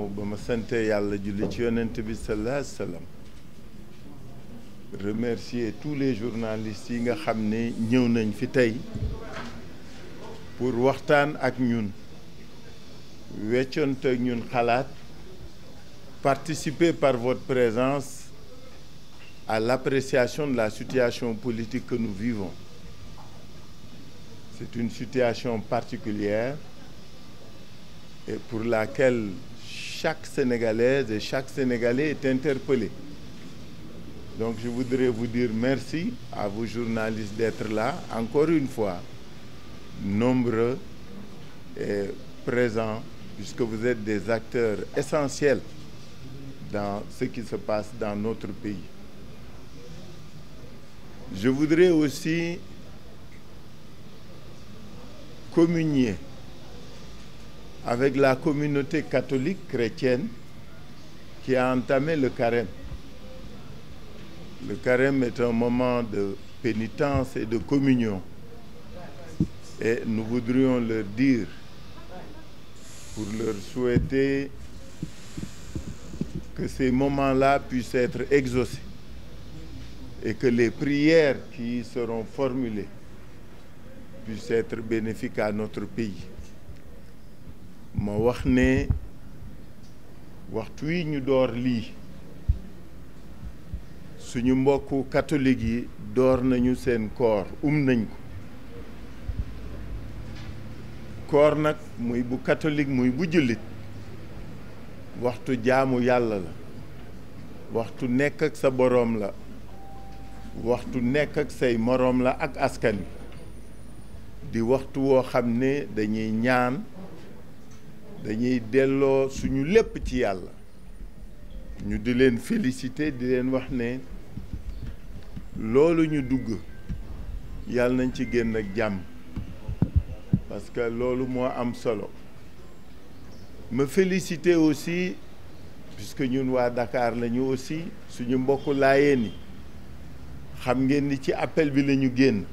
ginnaaw ba ma sante yàlla julli ci yonent bi sallallahu alayhi wa remercier tous les journalistes yi nga xam ne ñëw nañ fi tey pour waxtaan ak ñun weccoonte ñun xalaat participer par votre présence à l'appréciation de la situation politique que nous vivons c'est une situation particulière et pour laquelle chaque Sénégalaise et chaque Sénégalais est interpellé. Donc je voudrais vous dire merci à vous journalistes d'être là, encore une fois, nombreux et présents, puisque vous êtes des acteurs essentiels dans ce qui se passe dans notre pays. Je voudrais aussi communier avec la communauté catholique chrétienne qui a entamé le carême. Le carême est un moment de pénitence et de communion. Et nous voudrions leur dire, pour leur souhaiter que ces moments-là puissent être exaucés et que les prières qui seront formulées puissent être bénéfiques à notre pays. ma wax ne waxtu wi ñu door lii suñu mbokku catholique yi door nañu seen koor um nañ ko koor nag muy bu catholique muy bu jullit waxtu jaamu yàlla la waxtu nekk ak sa boroom la waxtu nekk ak say moroom la ak askan wi di waxtu woo xam ne dañuy ñaan dañuy delloo suñu lépp ci yàlla ñu di leen félicité di leen wax ne loolu ñu dugg yàlla nañ ci génn ak jàmm parce que loolu moo am solo ma félicité aussi puisque ñun waa Dakar lañu aussi suñu mbokku laayeen yi xam ngeen ni ci appel bi lañu génn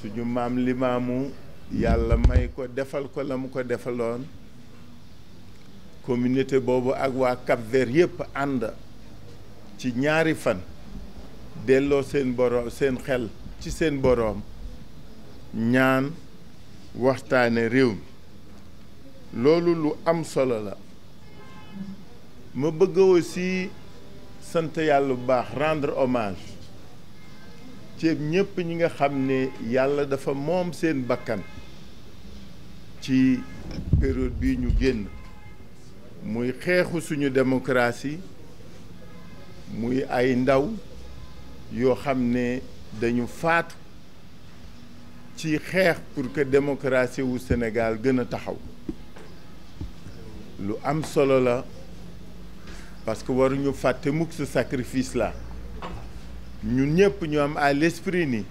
suñu maam limaamu yàlla may ko defal ko la mu ko defaloon communauté boobu ak waa Cap-Vert yépp ànd ci ñaari fan delloo seen boroom seen xel ci seen boroom ñaan waxtaane réew mi loolu lu am solo la ma bëgg aussi sant yàlla bu baax rendre hommage ceeb ñépp ñi nga xam ni yàlla dafa moom seen bakkan ci période bii ñu génn muy xeexu suñu démocratie muy ay ndaw yoo xam ne dañu faatu ci xeex pour que démocratie wu Sénégal gën a taxaw lu am solo la parce que waruñu fàtte mukk ce sacrifice là ñun ñëpp ñu am à l'esprit ni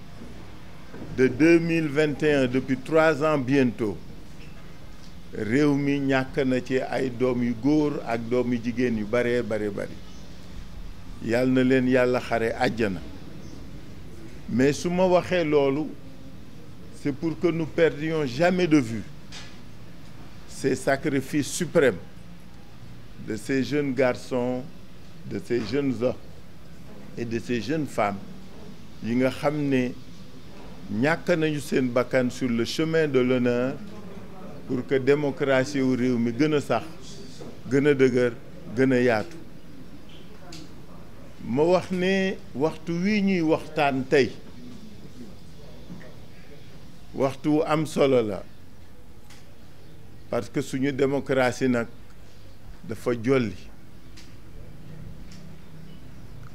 de deux mille vingt depuis trois ans bientôt réew mi ñàkk na ci ay doom yu góor ak doom yu jigéen yu baree bare bari yàlla na leen yàlla xare àjjana mais su ma waxee loolu c'est pour que nu perdions jamais de vue ces sacrifices suprêmes de ces jeunes garçons de ces jeunes hommes et de ces jeunes femmes yi nga xam ne ñàkk nañu seen bakkan sur le chemin de l'honneur pour que démocratie wu réew mi gën a sax gën a dëgër gën a yaatu ma wax ne waxtu wii ñuy waxtaan tey waxtu wu am solo la parce que suñu démocratie nag dafa jolli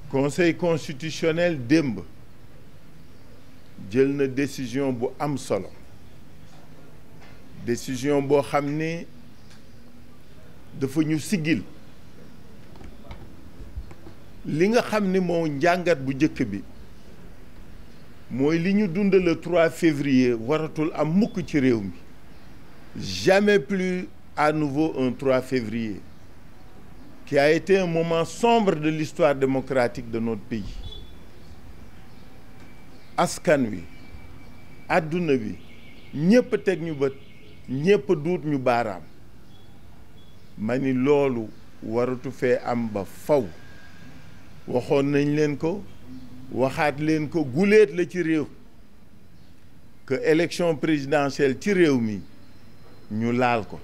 conseil constitutionnel démb jël na décision bu am solo décision boo xam ne dafa ñu siggil li nga xam ne moo njàngat bu njëkk bi mooy li ñu dund le 3 février waratul am mukk ci réew mi jamais plus à nouveau un 3 février qui ay été un moment sombre de l'histoire démocratique de notre pays askan wi àdduna bi ñëpp teg ñu bët ñépp duut ñu baaraam mani loolu waratu fee am ba faw waxoon nañ leen ko waxaat leen ko guléet la ci réew que élection présidentielle ci réew mi ñu laal ko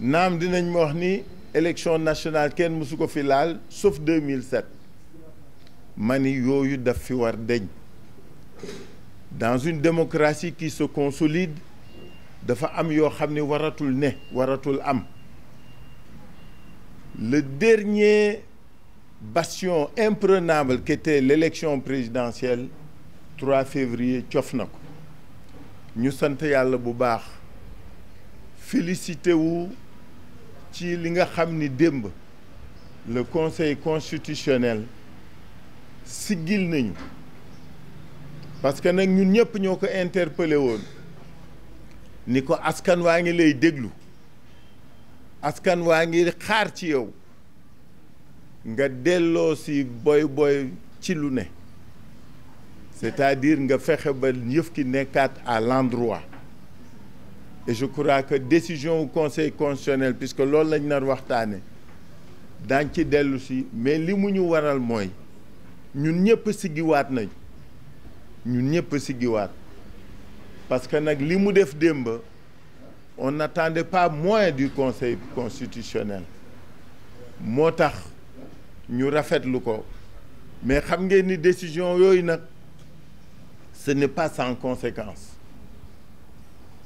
naam dinañ ma wax ni élection nationale kenn mësu ko fi laal sauf 2007 ma ni yooyu daf fi war deñ dans une démocratie qui se consolide dafa am yoo xam ne waratul ne waratul am le dernier bastion imprenable qu'était l'élection présidentielle 3 février cof na ko ñu sant yàlla bu baax félicité wu ci li nga xam ni démb le conseil constitutionnel siggil nañu parce que nag ñun ñëpp ñoo ko interpellé woon ni ko askan waa ngi lay déglu askan waa ngi xaar ci yow nga delloo si boy boy ci lu ne c'est-à-dire nga fexe ba yëf ki nekkaat à l'endroit et je crois que décision au conseil constitutionnel puisque loolu lañ nar waxtaane daan ci dellu si mais li mu ñu waral mooy ñun ñëpp siggiwaat nañ ñun ñëpp siggiwaat parce que nag li mu def démb on n'attendait pas moins du conseil constitutionnel moo tax ñu rafetlu ko mais xam ngeen ni décision yooyu nag ce n'est pas sans conséquence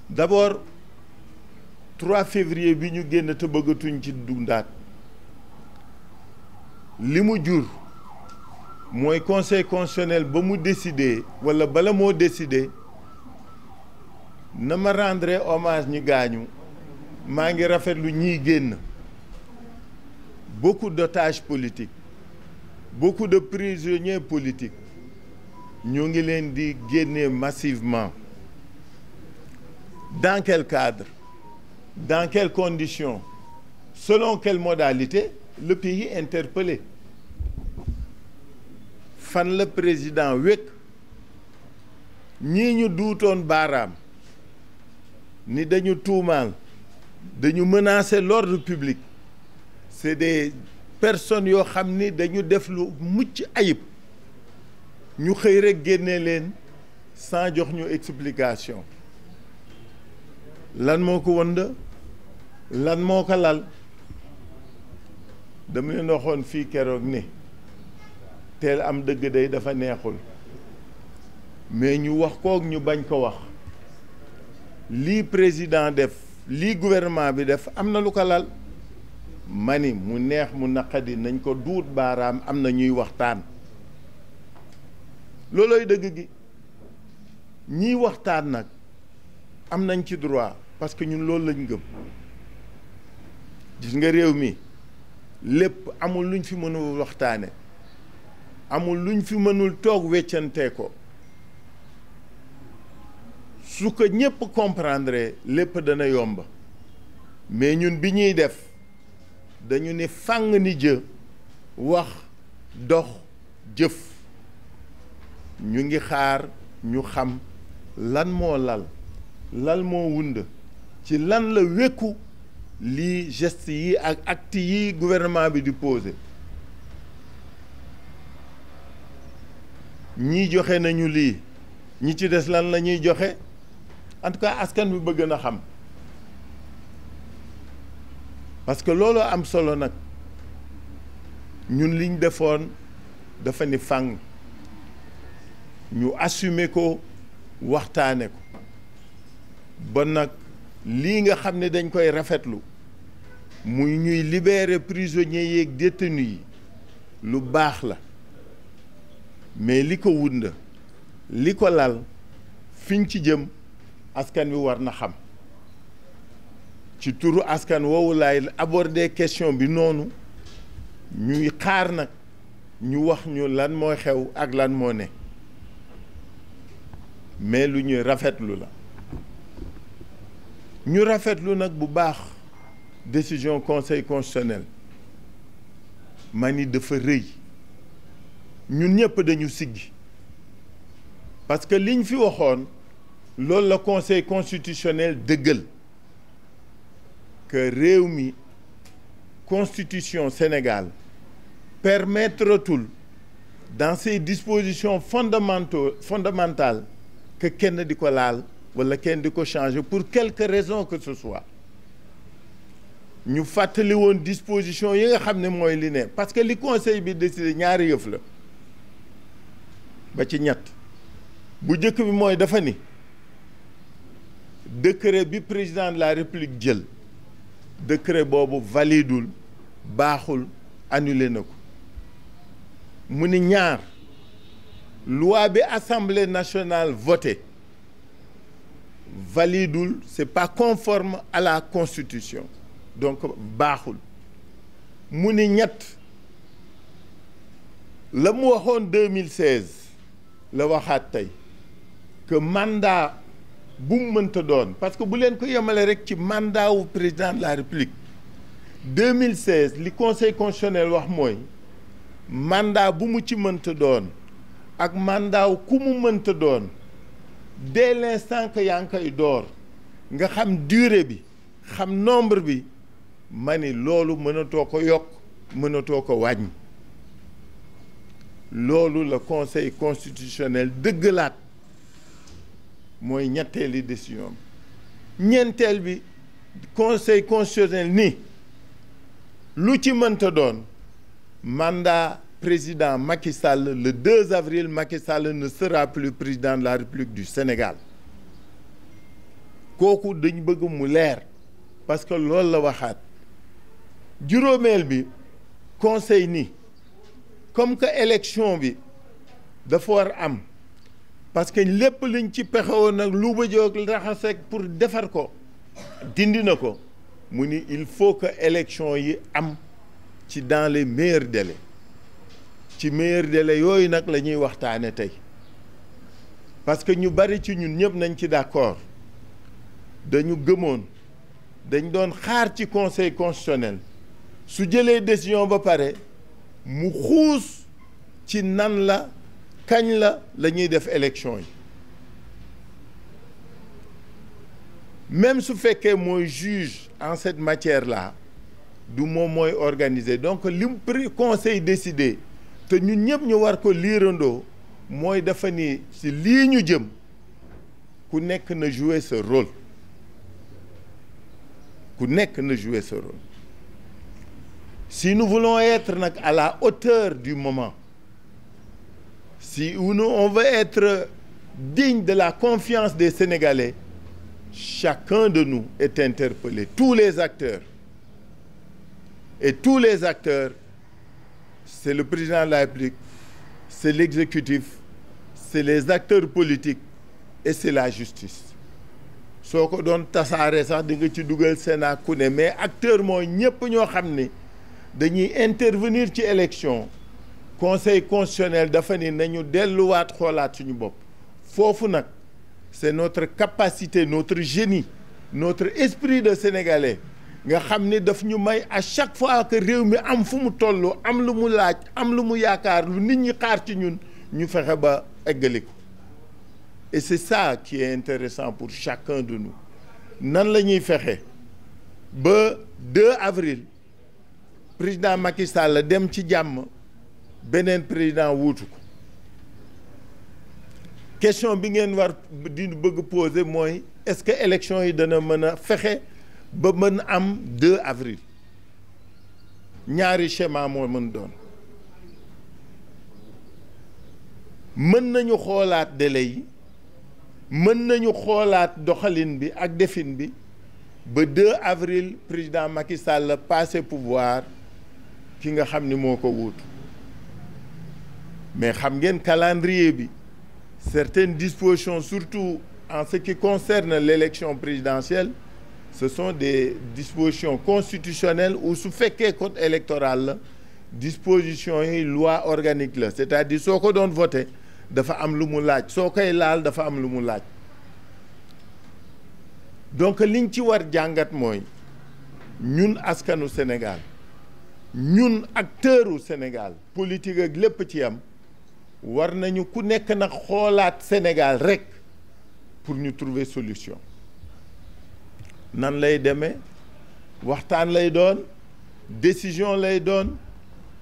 d'abord 3 février bi ñu génn te bëggatuñ ci dundaat li mu jur mooy conseil constitutionnel ba mu décider walla bala moo décider na ma rendre hommage ñi gaañu maa ngi rafetlu ñiy génn beaucoup d'otages politiques beaucoup de prisonniers politique ñoo ngi leen di génnee massivement dans quel cadre dans quelles conditions selon quelle modalité le pays interpellé fan la président wékk ñii ñu duutoon baaraam ni dañu tuumaal dañu menacer l'ordre public c'est des personnes yoo xam ni dañu def lu mucc ayib ñu xëy rek génne leen sans jox ñu explication lan moo ko wënd lan moo ko lal dama leen waxoon fii keroog ni teel am dëgg day dafa neexul mais ñu wax kook ñu bañ ko wax lii président def lii gouvernement bi def am na lu ko lal ma mu neex mu naqadi nañ ko duut baaraam am na ñuy waxtaan loolooy dëgg gi ñiy waxtaan nag am nañ ci droit parce que ñun loolu lañ gëm gis nga réew mi lépp amul luñ fi mënul waxtaane amul luñ fi mënul toog weccantee ko su ko ñëpp comprendre lépp dana yomb mais ñun bi ñuy def dañu ni fàng ni jë wax dox jëf ñu ngi xaar ñu xam lan moo lal lal moo wund ci lan la wékku lii geste yi ak acte yi gouvernement bi di posé ñii joxe nañu lii ñi ci des lan la ñuy joxe en tout askan bi bëgg na xam parce que looloo am solo nag ñun liñ defoon dafa ni fang ñu assumer ko waxtaane ko bon nag lii nga xam ne dañ koy rafetlu muy ñuy libérer prisonniers yeeg détenus yi lu baax la mais li ko wund li ko lal fiñ ci jëm askan wi war na xam ci turu askan woowu laay aborder question bi noonu ñuy xaar nag ñu wax ñu lan mooy xew ak lan moo ne mais lu ñuy rafetlu la ñu rafetlu nag bu baax décision conseil constitutionnel ma ni dafa rëy ñun ñëpp dañu siggi parce que liñ fi waxoon loolu la conseil constitutionnel dëggal que réew mi constitution Sénégal permettratul dans ses disposition fondamentaux fondamentales que kenn di ko laal wala kenn di ko changer pour quelque raison que ce soit ñu fàttali woon disposition yi nga xam ne mooy li ne parce que li conseil bi décidé ñaari yëf la ba ci ñett bu njëkk bi mooy dafa ni décret bi président de la république jël décret boobu validul baaxul annulé na ko mu ni ñaar loi bi assemblée nationale votée validul c'est pas conforme à la constitution donc baaxul mu ni ñett la mu waxoon 2016 la waxaat tey que mandat bu mu mënta doon parce que bu leen ko yemale rek ci mandat wu président de la république 2016 li conseil constitutionnel wax mooy mandat bu mu ci mënta doon ak mandat wu ku mu mënta doon dès l'instant que yaa ngi door nga xam dure bi xam nombre bi ma ni loolu mënatoo ko yokk mënatoo ko wàññi loolu la conseil constitutionnel dëggalaat mooy ñetteeli décision bi ñeenteel bi conseil constitutionnel ni lu ci mënta doon mandat président Macky Sall le 2 avril Macky Sall ne sera plus président de la République du Sénégal kooku dañ bëgg mu leer parce que loolu la waxaat juróomeel bi conseil ni comme que élection bi dafa war am parce que lépp liñ ci pexewoon nag lu ba joog raxaseeg pour defar ko dindi na ko mu ni il faut que élection yi am ci dans les meilleurs délais ci meilleurs délais yooyu nag la ñuy waxtaane tey parce que ñu bari ci ñun ñëpp nañ ci d'accord dañu gëmoon dañ doon xaar ci conseil constitutionnel su jëlee décision ba pare mu xuus ci nan la kañ la la ñuy def élection yi même su fekkee mooy juge en cette matière là du moom mooy organiser donc li mu prix conseil décidé te ñun ñëpp ñu war ko liirandoo mooy dafa ni ci lii ñu jëm ku nekk na jouer sa rôle ku nekk na jouer sa rôle si nous voulons être nag à la hauteur du moment si nous, on veut être digne de la confiance des Sénégalais, chacun de nous est interpellé, tous les acteurs. Et tous les acteurs, c'est le président de la République, c'est l'exécutif, c'est les acteurs politiques et c'est la justice. soo ko doon tasaare sax di nga ci dugal Sénat ku ne mais acteurs mooy ñëpp ñoo xam ne dañuy intervenir ci élection conseil constitutionnel dafa ni nañu delluwaat xoolaat suñu bopp foofu nag c'est notre capacité notre génie notre esprit de sénégalais nga xam ni daf ñu may à chaque fois que réew mi am fu mu toll am lu mu laaj am lu mu yaakaar lu nit ñi xaar ci ñun ñu fexe ba eggali ko et c'est ça qui est intéressant pour chacun de nous nan la ñuy fexe ba 2 avril président Macky Sall dem ci jàmm beneen président wutu ko question bi ngeen war di bëgg poser mooy est-ce que élection yi dana mën a fexe ba mën am 2 avril ñaari schéma moo mën doon mën nañu xoolaat délai yi mën nañu xoolaat doxalin bi ak defin bi ba 2 avril président Macky Sall passé pouvoir ki nga xam ni moo ko wuutu mais xam ngeen calendrier bi certaines dispositions surtout en ce qui concerne l'élection présidentielle ce son des dispositions constitutionnelles ou su fekkee code électoral la disposition yi loi organique la c'est-à-dire soo ko doon voté dafa am lu mu laaj soo koy laal dafa am lu mu laaj donc liñ ci war jàngat mooy ñun askanu Sénégal ñun acteuru Sénégal politique ak lépp ci am war nañu ku nekk nag xoolaat Sénégal rek pour ñu trouver solution nan lay demee waxtaan lay doon décision lay doon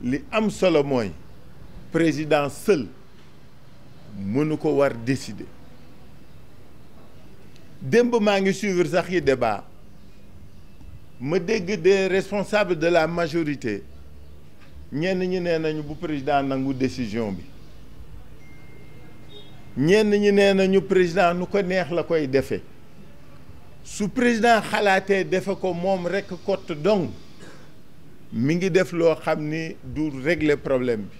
li am solo mooy président seul mënu ko war décider démb maa ngi suivre sax yi de débat ma dégg des responsables de la majorité ñenn ñi nee nañu bu président nangu décision bi ñenn ñi nee nañu président nu ko neex la koy defe su président xalaatee defe ko moom rekk kott dong mi ngi def loo xam ni du régler problème bi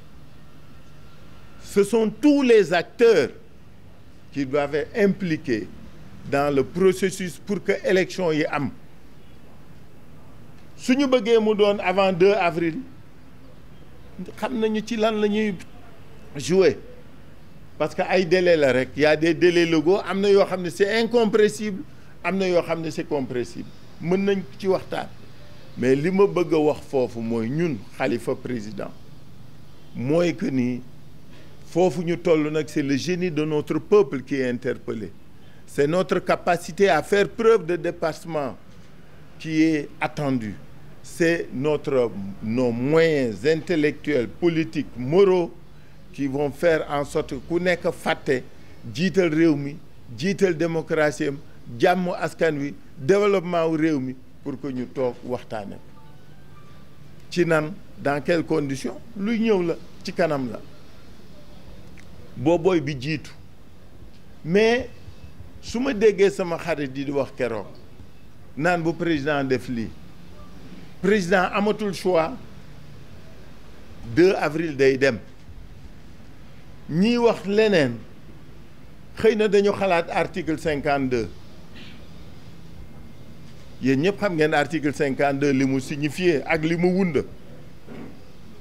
ce sont tous les acteurs qui doivent être dans le processus pour que élection yi am su ñu bëggee mu doon avant deux avril xam nañu ci lan la ñuy jouer parce que ay délais la rek y a des délais légaux am na yoo xam ne c'est incompressible am na yoo xam ne c'est compressible mën nañ ci waxtaan mais li ma bëgg a wax foofu mooy ñun xalifa président mooy que ni foofu ñu toll nag c'est le génie de notre peuple qui est interpellé c'est notre capacité à faire preuve de dépassement qui est attendue c'est notre nos moyens intellectuels politiques moraux qui vont faire en sorte ku nekk fàtte jiital réew mi jiital démocratie am jàmm askan wi développement wu réew mi pour que ñu toog waxtaane ci naan dans quelles condition luy ñëw la ci kanam la boobooy bi jiitu mais su ma déggee sama xarit yi di wax keroog naan bu président def lii président amatul choix 2 avril day dem ñiy wax leneen xëy na dañu xalaat article cinquante deux yéen ñëpp xam ngeen article cinquante deux li mu signifié ak li mu wund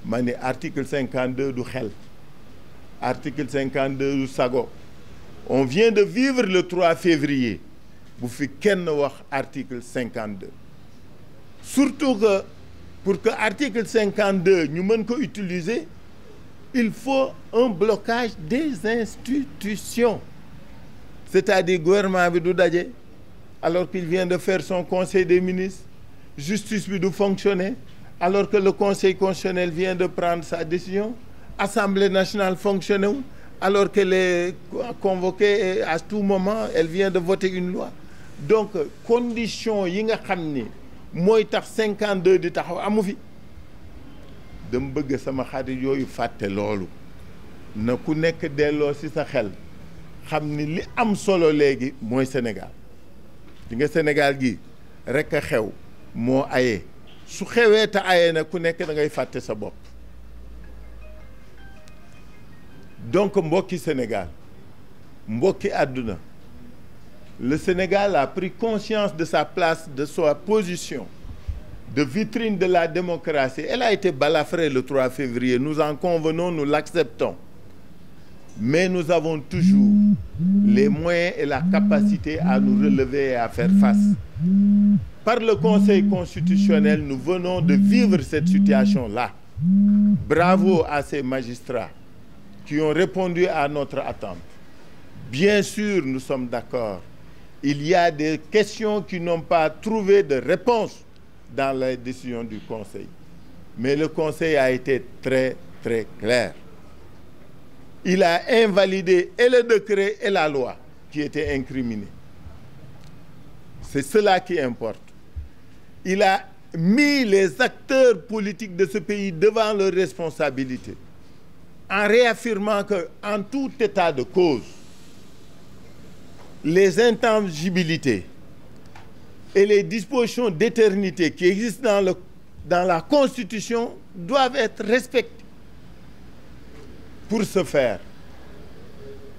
ma ni article cinquante deux du xel article cinquante deux du sago on vient de vivre le 3 février bu fi kenn wax article cinquante deux surtout que pour que article cinquante deux ñu mën ko utiliser il faut un blocage des institutions c'est-à-dire gouvernement bi du daje alors qu'il vient de fair son conseil des ministres justice bi du fonctionner alors que le conseil constitutionnel vient de prendre sa décision assemblée nationale fonctionne wul alors qu'elle est convoquée à tout moment elle vient de voter une loi donc condition yi nga xam ni mooy tax cinquante 52 di taxaw amu fi dama bëgg sama xarit yooyu fàtte loolu na ku nekk delloo ci sa xel xam ni li am solo léegi mooy Sénégal dinga Sénégal gi rek a xew moo aye su xewee te aye na ku nekk da ngay fàtte sa bopp donc mbokki Sénégal mbokki àdduna le Sénégal a pris conscience de sa place de sa position de vitrine de la démocratie. Elle a été balafrée le 3 février. Nous en convenons, nous l'acceptons. Mais nous avons toujours les moyens et la capacité à nous relever et à faire face. Par le Conseil constitutionnel, nous venons de vivre cette situation-là. Bravo à ces magistrats qui ont répondu à notre attente. Bien sûr, nous sommes d'accord. Il y a des questions qui n'ont pas trouvé de réponse dans les décisions du Conseil. Mais le Conseil a été très, très clair. Il a invalidé et le décret et la loi qui étaient incriminés. C'est cela qui importe. Il a mis les acteurs politiques de ce pays devant leurs responsabilités en réaffirmant que, en tout état de cause, les intangibilités et les dispositions d'éternité qui existent dans le dans la Constitution doivent être respectées. Pour ce faire,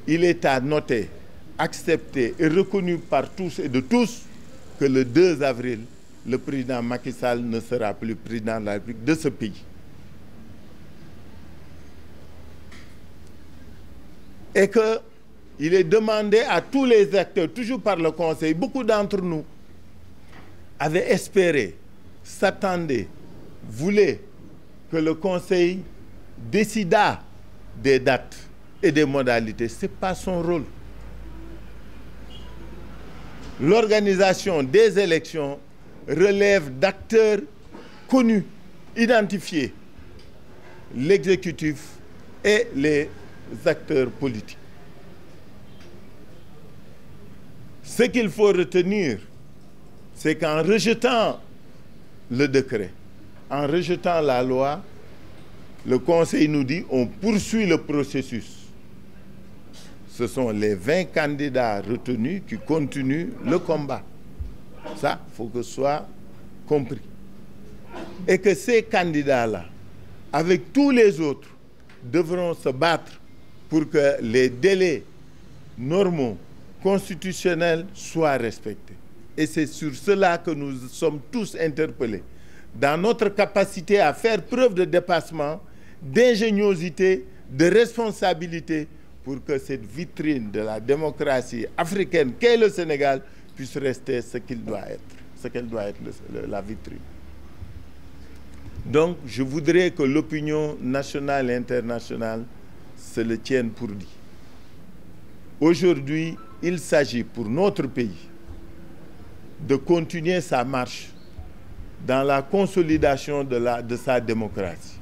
il est à noter, accepté et reconnu par tous et de tous que le 2 avril, le président Macky ne sera plus président de la République de ce pays. Et que il est demandé à tous les acteurs, toujours par le Conseil, beaucoup d'entre nous avait espéré, s'attendait, voulait que le Conseil décidât des dates et des modalités. Ce n'est pas son rôle. L'organisation des élections relève d'acteurs connus, identifiés, l'exécutif et les acteurs politiques. Ce qu'il faut retenir c'est qu'en rejetant le décret, en rejetant la loi, le Conseil nous dit on poursuit le processus. Ce sont les 20 candidats retenus qui continuent le combat. Ça, il faut que ce soit compris. Et que ces candidats-là, avec tous les autres, devront se battre pour que les délais normaux, constitutionnels soient respectés. Et c'est sur cela que nous sommes tous interpellés. Dans notre capacité à faire preuve de dépassement, d'ingéniosité, de responsabilité pour que cette vitrine de la démocratie africaine qu'est le Sénégal puisse rester ce qu'elle doit être la vitrine. Donc, je voudrais que l'opinion nationale et internationale se le tienne pour dit. Aujourd'hui, il s'agit pour notre pays de continuer sa marche dans la consolidation de la de sa démocratie.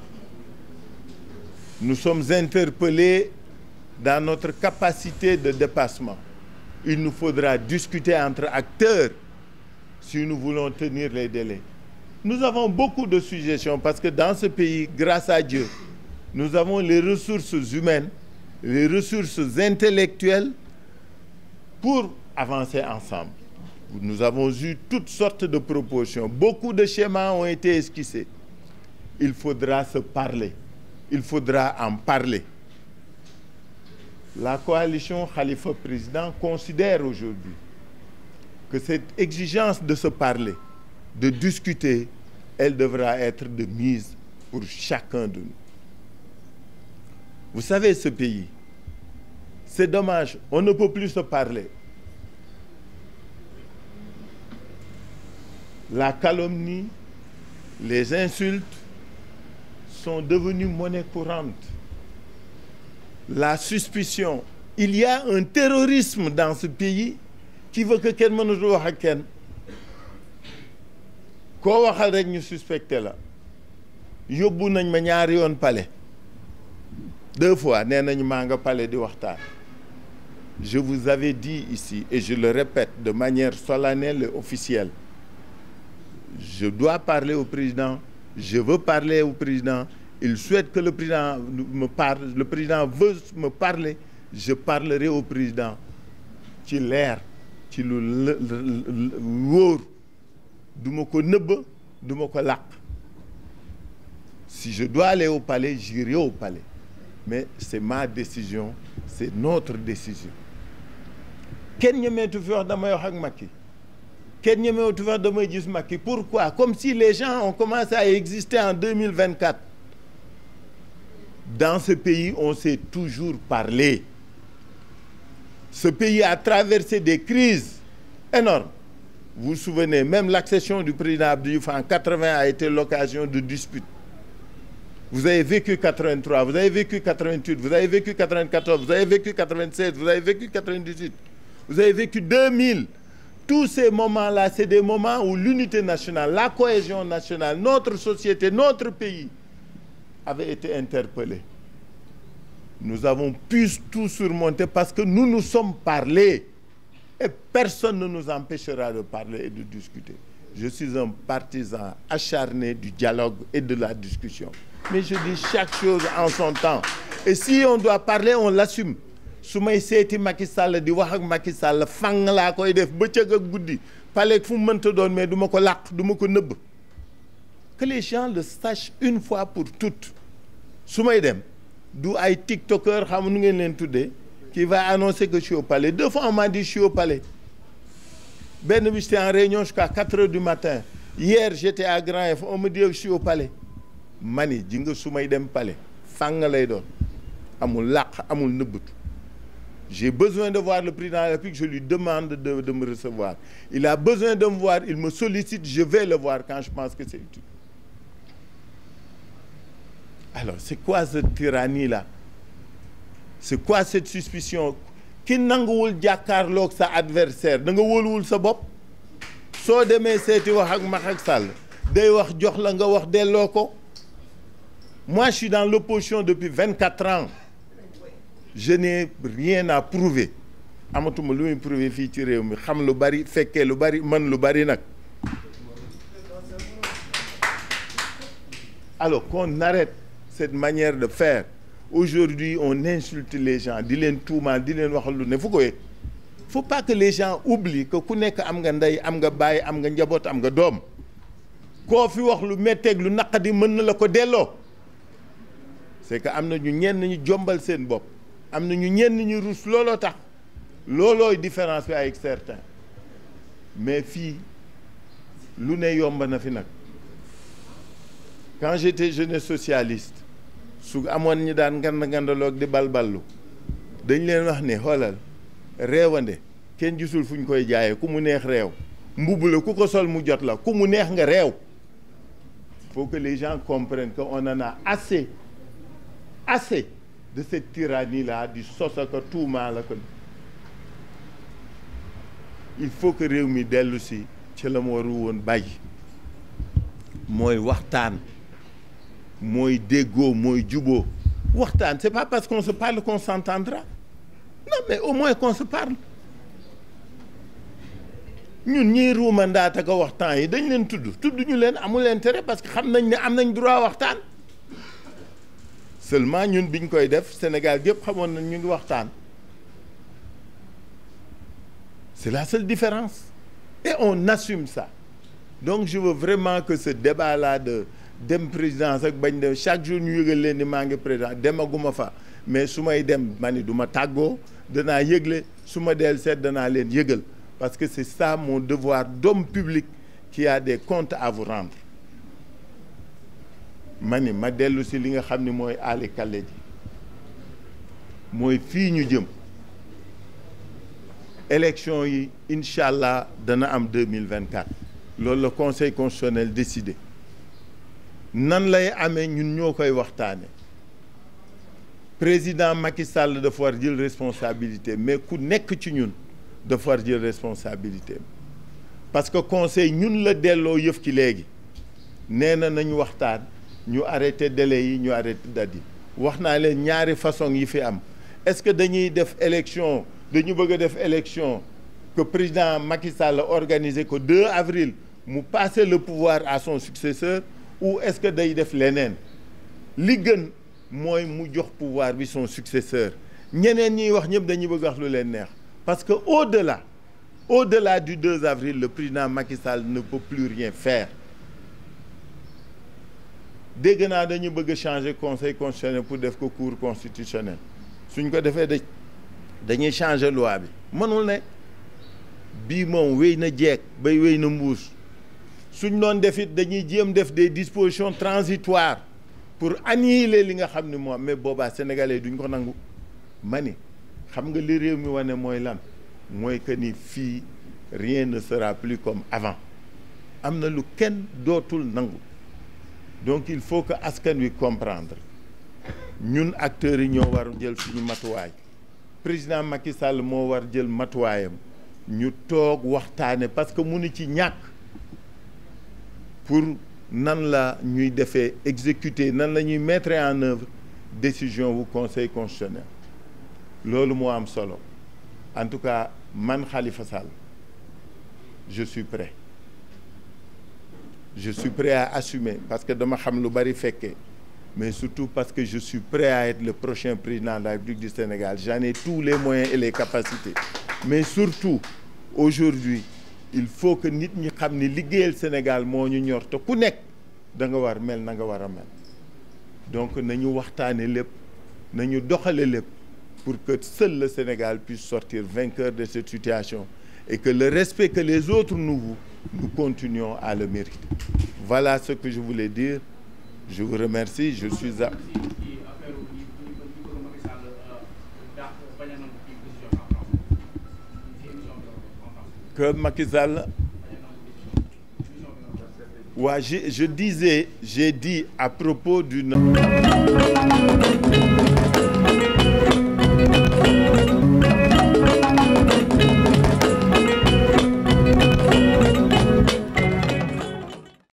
Nous sommes interpellés dans notre capacité de dépassement. Il nous faudra discuter entre acteurs si nous voulons tenir les délais. Nous avons beaucoup de suggestions parce que dans ce pays, grâce à Dieu, nous avons les ressources humaines, les ressources intellectuelles pour avancer ensemble. nous avons eu toutes sortes de propositions. Beaucoup de schémas ont été esquissés. Il faudra se parler. Il faudra en parler. La coalition Khalifa Président considère aujourd'hui que cette exigence de se parler, de discuter, elle devra être de mise pour chacun de nous. Vous savez, ce pays, c'est dommage, on ne peut plus se parler. la calomnie les insultes sont devenues monnaie courante la suspicion il y un terrorisme dans ce pays qui veut que kenn mënatul wax ak kenn koo waxal rek ñu suspecté la yóbbu nañ ma ñaari yoon palais deux fois nee nañu maa nga palais di waxtaan je vous avais dit ici et je le répète de manière solennelle et officielle je dois parler au président, je veux parler au président, il souhaite que le président me parle, le président veut me parler, je parlerai au président ci leer ci lu wóor du ma ko nëbb du ma ko làq si je dois aller au palais j'irai au palais mais c'est ma décision c'est notre décision kenn ñemeetu fi wax dama wax ak Macky kenn ñemewatu wax damay gis Macky pourquoi comme si les gens ont commencé à exister en 2024 dans ce pays on s'est toujours parlé ce pays a traversé des crises énormes vous vous souvenez même l'accession du président Abdou Diouf en 80 a été l'occasion de disputes vous avez vécu 83 vous avez vécu 88 vous avez vécu 94 vous avez vécu 96 vous avez vécu 98 vous avez vécu 2000 tous ces moments-là, c'est des moments où l'unité nationale, la cohésion nationale, notre société, notre pays avait été interpellé. Nous avons pu tout surmonter parce que nous nous sommes parlés et personne ne nous empêchera de parler et de discuter. Je suis un partisan acharné du dialogue et de la discussion. Mais je dis chaque chose en son temps. Et si on doit parler, on l'assume. su may seeti Macky Sall di wax ak Macky Sall fang laa koy def bëccëg ak guddi pale fu mënta doon mais duma ko làq duma ko nëbb que les gens le sachent une fois pour tout su may dem du ay tiktokeur xam nu ngeen leen tuddee kii va annoncer que je suis au palais deux fois m'a dit je suis benn bi j'étais en réunion jusqu'à quatre heures du matin hier j'étais à mani ji nga su may dem palais fang lay doon amul làq amul nëbbut J'ai besoin de voir le président de la République, je lui demande de, de, me recevoir. Il a besoin de me voir, il me sollicite, je vais le voir quand je pense que c'est utile. Alors, c'est quoi cette tyrannie-là C'est quoi cette suspicion ki nanguwul jàkkaarloog sa adversaire da nga wóoluwul sa bopp soo demee seeti wax ak Macky Sall day wax jox la nga wax delloo ko moi je suis dans l'opposition depuis vingt-quatre ans je n'ai rien à prouver amatuma lu muy prouver fii ci réew mi xam lu bari fekkee lu bari mën lu bari nag alors qu'on arrête cette manière de faire aujourd'hui on insulte les gens di leen tuumaal di leen waxal lu ne fu ko yëg faut pas que les gens ku nekk am nga ndey am nga baay am nga njaboot am nga doom koo fi wax lu metteeg lu naqadi mën na la ko delloo c'est que am na ñu ñenn ñu jombal seen bopp am na ñu ñenn ñu rus looloo tax loolooy différence bi ay certains mais fii lu ne yomba na fi nag quand j'étais jeune socialiste su amoon ñu daan ngand ngandaloog di balballu dañ leen wax ne xoolal réewande kenn gisul fu ñu koy jaayee ku mu neex réew mbubb la ku ko sol mu jot la ku mu neex nga reew faut que les gens comprennent que on a assez assez de cette tyrannie-là, du sosaka tuuma la ko il faut que réew mi dellu si ci la mu waru woon bàyyi mooy waxtaan mooy déggoo mooy juboo waxtaan c'est pas parce qu'on se parle qu'on s'entendra non mais au moins qu'on se parle ñun ñiy ruumandaat ak waxtaan yi dañ leen tudd tudd ñu leen amul leen tere parce que xam nañ ne am nañ droit waxtaan seulement ñun bi ñu koy def Sénégal yëpp xamoon na ñu ngi waxtaan c'est la seule différence et on assume ça donc je veux vraiment que ce débat là de dem présidence ak bañ dem chaque jour ñu yëgal leen ni maa ngi président demaguma fa mais su may dem ma ni duma tàggoo danaa yëgle su ma del seet danaa leen yëgal parce que c'est ça mon devoir d'homme public qui a des comptes à vous rendre ma ni ma dellusi li nga xam ni mooy aali kale ji mooy fii ñu jëm élection yi incha allah dana am deux mille vingt quatre loolu la conseil constitutionnel décidé nan lay amee ñun ñoo koy waxtaane président Macky Sall dafa war jël responsabilité mais ku nekk ci ñun dafa war jël responsabilité parce que conseil ñun la delloo yëf ci léegi nee na nañu waxtaan. ñu arrêté délai yi ñu arrêté date yi wax naa leen ñaari façon yi fi am est-ce que dañuy def élection dañu bëgg a def élection que président Macky Sall ko 2 avril mu passer le pouvoir à son successeur ou est-ce que day def leneen li gën mooy mu jox pouvoir bi son successeur ñeneen ñuy wax ñëpp dañuy bëgg wax lu leen neex parce que au-delà au-delà du 2 avril le président Macky Sall ne peut plus rien faire dégg naa dañu bëgg a changer conseil constitutionnel pour def ko cour constitutionnel suñ ko defee de dañuy changer loi bi mënul ne bii moom wéy na jeeg bay wéy na mbuus suñ doon def it dañuy jéem def des dispositions transitoires pour annihiler li nga xam ni moom mais boobaa sénégalais duñ ko nangu mani xam nga li réew mi wane mooy lan mooy que ni fii rien na sera plus comme avant am na lu kenn dootul nangu donc il faut que askan wi comprendre ñun acteurs yi ñoo war jël suñu matuwaay président Macky Sall moo war jël matuwaayam ñu toog waxtaane parce que munu ci ñàkk pour nan la ñuy defee exécuter nan la ñuy mettre en œuvre décision wu conseil constitutionnel loolu moo am solo en tout cas man Khalifa Sall je suis prêt je suis prêt à assumer parce que dama xam lu bari fekkee mais surtout parce que je suis prêt à être le prochain président de la République du Sénégal j'en ai tous les moyens et les capacités mais surtout aujourd'hui il faut que nit ñi xam ni liggéeyal Sénégal moo ñu ñor te ku nekk da nga war mel na nga war a mel donc nañu waxtaane lépp nañu doxale lépp pour que seul le Sénégal puisse sortir vainqueur de cette situation et que le respect que les autres nous nous continuons à le mériter. Voilà ce que je voulais dire. Je vous remercie. Je suis à... que Macky Sall ouais, je, je disais, j'ai dit à propos d'une...